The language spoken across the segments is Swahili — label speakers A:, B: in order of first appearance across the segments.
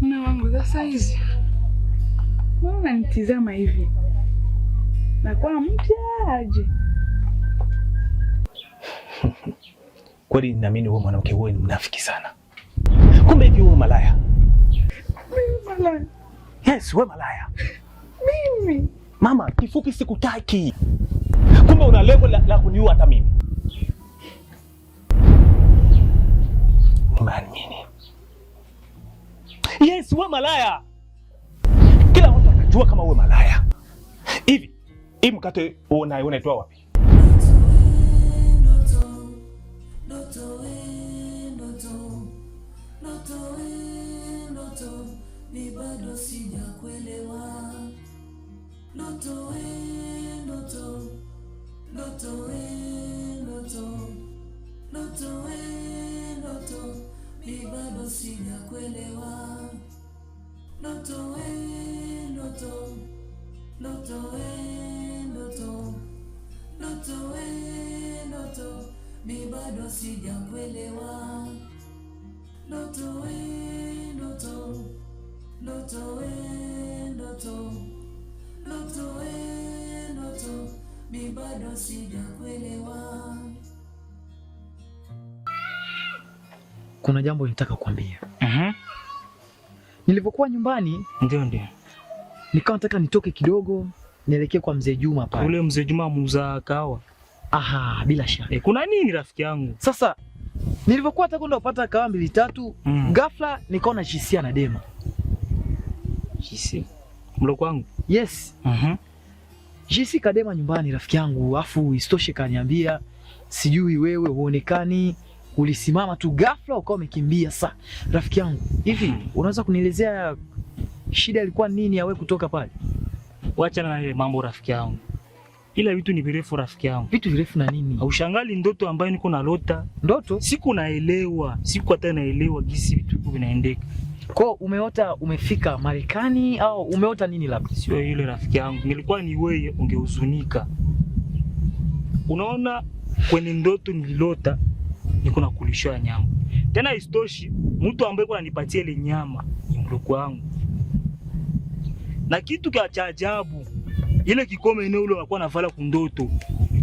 A: Mume wangu sasa hizi nanitizama hivi nakuwa mtaje
B: kweli. Ninaamini huo mwanamke huo ni mnafiki sana, kumbe hivi huo malaya
A: malaya.
B: Yes, we malaya.
A: Mimi
B: mama, kifupi sikutaki. Kumbe una lengo la, la kuniua hata mimi. Nimeamini. Yes, we malaya. Kila mtu anajua kama we malaya. Hivi, hii mkate unaitwa wapi? ni bado sijakuelewa. Ndoto we ndoto, ndoto we ndoto, ndoto we ndoto, ni bado sijakuelewa. Ndoto we ndoto, ndoto we ndoto, ndoto we ndoto, ni bado sijakuelewa. Ndoto we ndoto ndoto we ndoto ndoto, mi bado sijakuelewa. Kuna jambo nitaka kukwambia. uh mhm. -huh. Nilipokuwa nyumbani, ndio ndio, nikawa nataka nitoke kidogo nielekee kwa mzee Juma pale.
C: Ule mzee Juma muuza kahawa.
B: Aha, bila shaka.
C: E, kuna nini rafiki yangu?
B: Sasa nilivyokuwa nataka kwenda kupata kahawa mbili tatu, mm. ghafla nikaona Jisia na Dema
C: JC Mlo kwangu? Yes. Mhm.
B: Jisi kadema nyumbani rafiki yangu, afu istoshe kaniambia sijui wewe huonekani, ulisimama tu ghafla ukawa umekimbia. Sa rafiki yangu, hivi mhm. unaweza kunielezea shida ilikuwa nini ya wewe kutoka pale?
C: Wacha na ile mambo rafiki yangu, ila vitu ni virefu rafiki yangu.
B: Vitu virefu na nini?
C: Aushangali ndoto ambayo niko na lota Ndoto siku naelewa, siku hata naelewa gisi vitu vinaendeka
B: kwa umeota umefika Marekani au umeota nini? Labda
C: sio yule rafiki yangu, nilikuwa ni wewe ungehuzunika. Unaona, kwenye ndoto nililota niko na nakulishwa nyama, tena istoshi mtu ambaye kwa nipatia ile nyama ni mdogo wangu, na kitu kia cha ajabu ile kikome eneo ule wakuwa navala kundoto,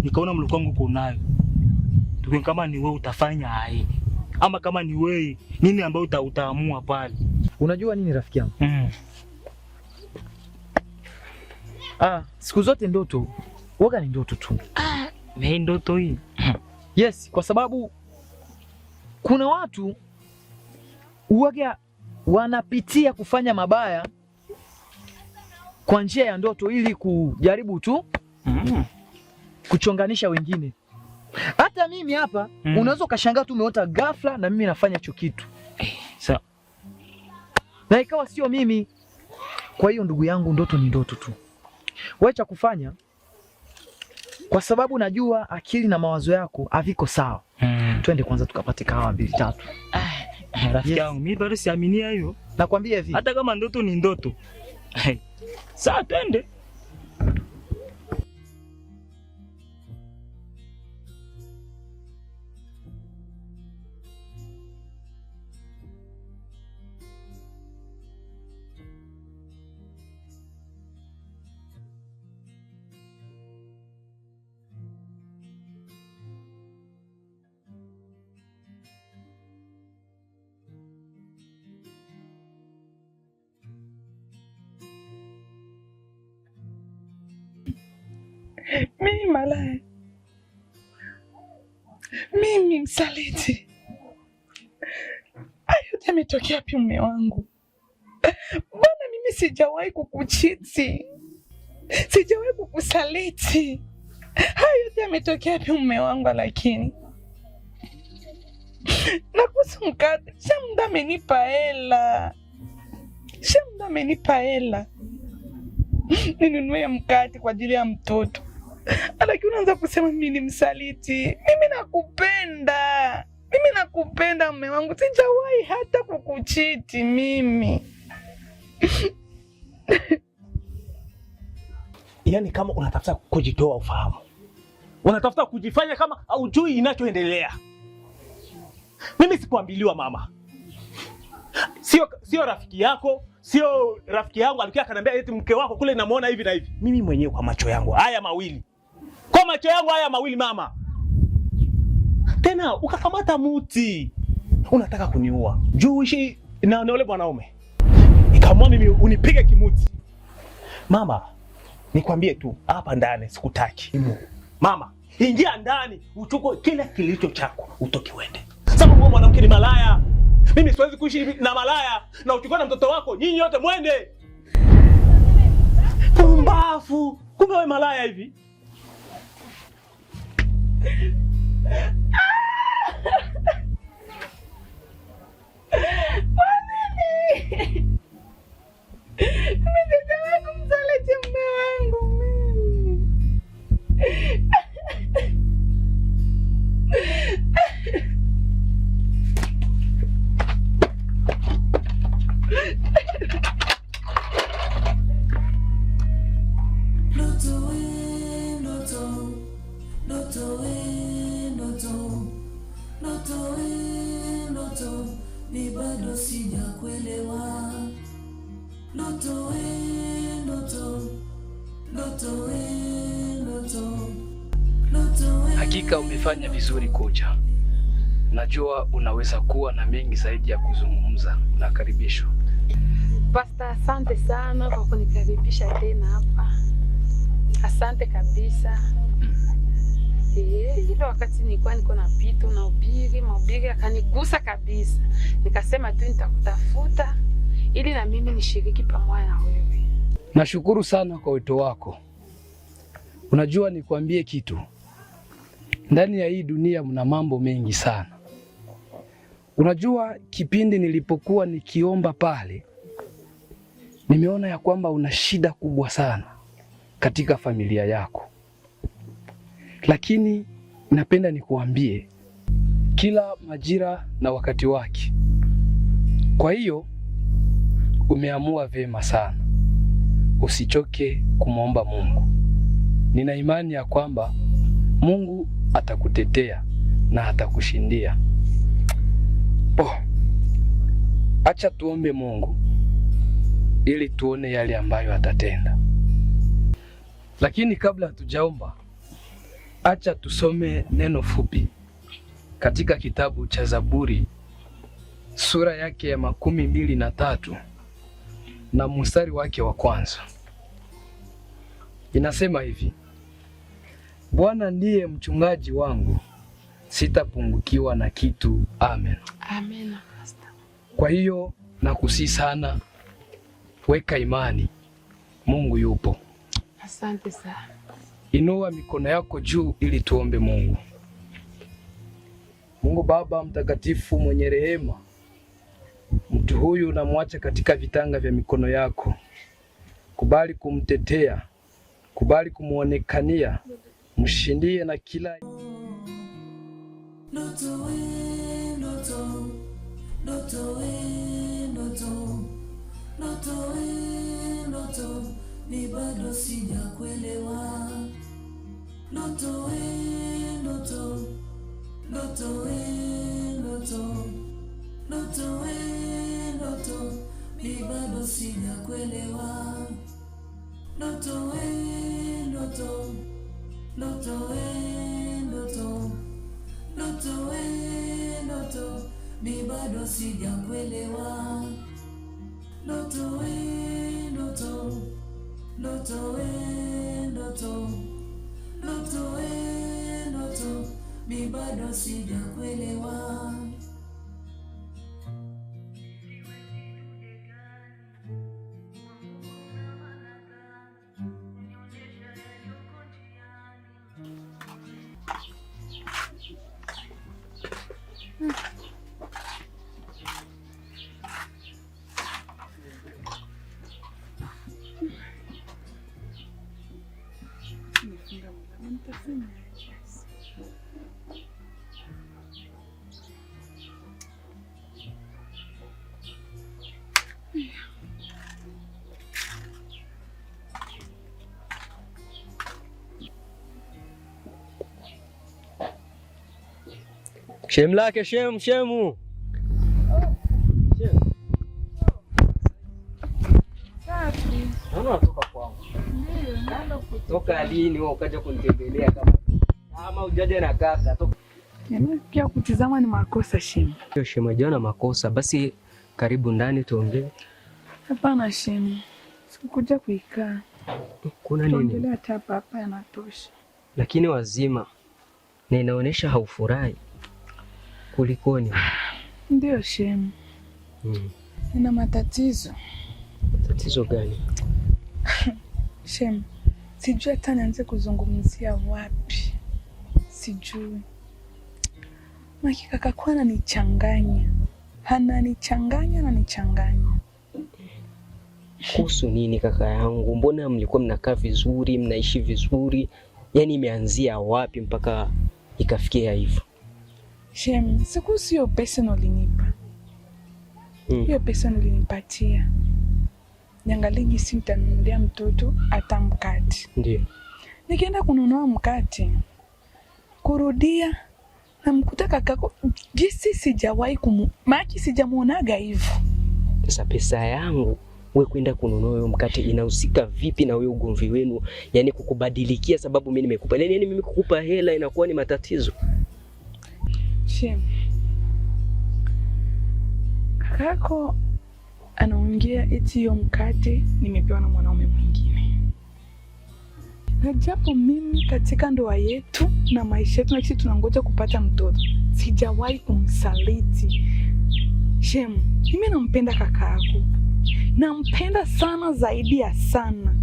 C: nikaona mdogo wangu uko nayo. Tukio kama ni wewe utafanya hai, ama kama ni wewe nini ambayo uta, utaamua pale
B: Unajua nini rafiki yangu? Mm. Ah, siku zote ndoto waga ni ndoto tu. Ah,
C: ni ndoto hii.
B: Yes, kwa sababu kuna watu waga wanapitia kufanya mabaya kwa njia ya ndoto ili kujaribu tu mm. kuchonganisha wengine. Hata mimi hapa mm. unaweza ukashangaa tu umeota ghafla na mimi nafanya hicho kitu na ikawa sio mimi. Kwa hiyo ndugu yangu, ndoto ni ndoto tu. Wewe cha kufanya, kwa sababu najua akili na mawazo yako haviko sawa mm. Twende kwanza tukapate kahawa mbili tatu. Ah,
C: rafiki yangu Mimi bado siaminia hiyo, nakwambia hivi, hata kama ndoto ni ndoto. Sasa twende
A: malaya, mimi msaliti. Hayo yote yametokea wapi mume wangu? Bwana, mimi sijawahi kukuchiti, sijawahi kukusaliti. Hayo yote yametokea wapi mume wangu? Lakini na kuhusu mkate, sha muda amenipa hela, sha muda amenipa hela ninunue mkate kwa ajili ya mtoto Alafu unaanza kusema mimi ni msaliti. Mimi nakupenda, mimi nakupenda mme wangu, sijawahi hata kukuchiti mimi.
B: Yaani kama unatafuta kujitoa ufahamu, unatafuta kujifanya kama haujui inachoendelea. Mimi sikuambiliwa mama, sio sio rafiki yako sio rafiki yangu, alikuwa akaniambia eti mke wako kule namuona hivi na hivi. Mimi mwenyewe kwa macho yangu haya mawili kwa macho yangu haya mawili mama. Tena ukakamata muti unataka kuniua juu ishi na ule mwanaume, ikamwambia mimi unipige kimuti mama. Nikwambie tu hapa ndani sikutaki mama, ingia ndani uchukue kile kilicho chako utoke uende. Sababu wewe mwanamke ni malaya, mimi siwezi kuishi na malaya na uchukue na mtoto wako, nyinyi yote mwende. Kumbafu, kumbe wewe malaya hivi. Ah!
C: vizuri kocha, najua unaweza kuwa na mengi zaidi ya kuzungumza. Nakaribishwa
A: Pasta. Asante sana kwa kunikaribisha tena hapa, asante kabisa. Eh, ile wakati nilikuwa niko na pito na ubiri maubiri akanigusa kabisa, nikasema tu nitakutafuta ili na mimi nishiriki pamoja na wewe.
C: Nashukuru sana kwa wito wako. Unajua, nikwambie kitu ndani ya hii dunia mna mambo mengi sana. Unajua, kipindi nilipokuwa nikiomba pale, nimeona ya kwamba una shida kubwa sana katika familia yako, lakini napenda nikuambie kila majira na wakati wake. Kwa hiyo umeamua vyema sana, usichoke kumwomba Mungu. Nina imani ya kwamba Mungu atakutetea na atakushindia. Po, acha tuombe Mungu ili tuone yale ambayo atatenda, lakini kabla hatujaomba, acha tusome neno fupi katika kitabu cha Zaburi sura yake ya makumi mbili na tatu na mstari wake wa kwanza inasema hivi: Bwana ndiye mchungaji wangu, sitapungukiwa na kitu. Amen, amen. Kwa hiyo nakusii sana, weka imani, Mungu yupo.
A: Asante sana.
C: Inua mikono yako juu ili tuombe Mungu. Mungu Baba mtakatifu, mwenye rehema, mtu huyu unamwacha katika vitanga vya mikono yako, kubali kumtetea, kubali kumwonekania mshindie na kila ndoto ni bado sijakuelewa ndoto ndoto ndoto ndoto ndoto ndoto ndoto ndoto ndoto e ndoto mi bado ndoto e ndoto ndoto e ndoto ndoto mi bado sijakuelewa doesn't matches. Siemlakie, siem, siemu! toka lini wewe ukaja kunitembelea kama kama ujaja na kaka toka
A: yaani pia kutizama ni makosa shemu.
C: Hiyo shemu jana makosa. Basi karibu ndani tuongee.
A: Hapana shemu. Sikukuja kuikaa. Kuna nini? Tuongelee hata hapa hapa yanatosha.
C: Lakini wazima na inaonyesha haufurahi. Kulikoni?
A: Ndio shemu. Hmm. Ina matatizo.
C: Matatizo gani?
A: Shemu sijui hata nianze kuzungumzia wapi, sijui makikakakuwa ananichanganya, ananichanganya, nichanganya.
C: kuhusu nini? Kaka yangu, mbona mlikuwa mnakaa vizuri, mnaishi vizuri, yaani imeanzia wapi mpaka ikafikia hivyo?
A: Shem, sikuhusu hiyo pesa ulinipa hmm. hiyo, hmm, pesa ulinipatia niangalie jinsi si utanunulia mtoto hata mkate. Ndio nikienda kununua mkate, kurudia namkuta kakako jisi, sijawahi kumu maji, sijamuonaga hivyo.
C: Sasa pesa yangu we kwenda kununua huyo mkate inahusika vipi na huyo ugomvi wenu? Yani kukubadilikia sababu mimi nimekupa yani, yaani mimi kukupa hela inakuwa ni matatizo
A: Shem. Kakako anaongea eti hiyo mkate nimepewa na mwanaume mwingine, na japo mimi katika ndoa yetu na maisha yetu nasi tunangoja kupata mtoto, sijawahi kumsaliti. Shemu, mimi nampenda kaka yako, nampenda sana zaidi ya sana.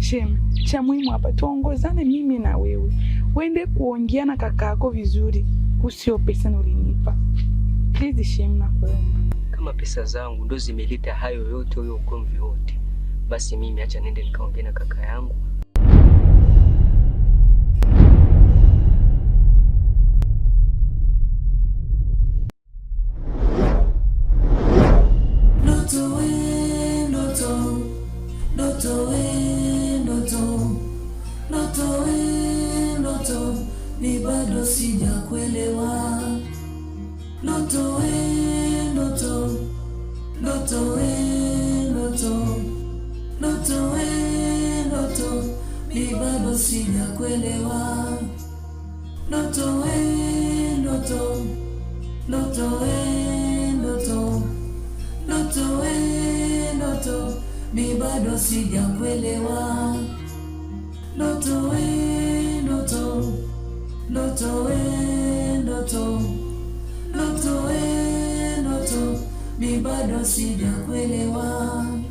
A: shem. cha muhimu hapa tuongozane, mimi na wewe uende kuongea na kaka yako vizuri, usio pesa ulinipa. Please nakuomba
C: kama pesa zangu ndo zimeleta hayo yote, huyo ugomvi wote, basi mimi acha nende nikaongea na kaka yangu Loto eh, loto, loto eh, loto, loto eh, loto, mi bado sijakuelewa. Eh, eh, eh, mi bado sijakuelewa.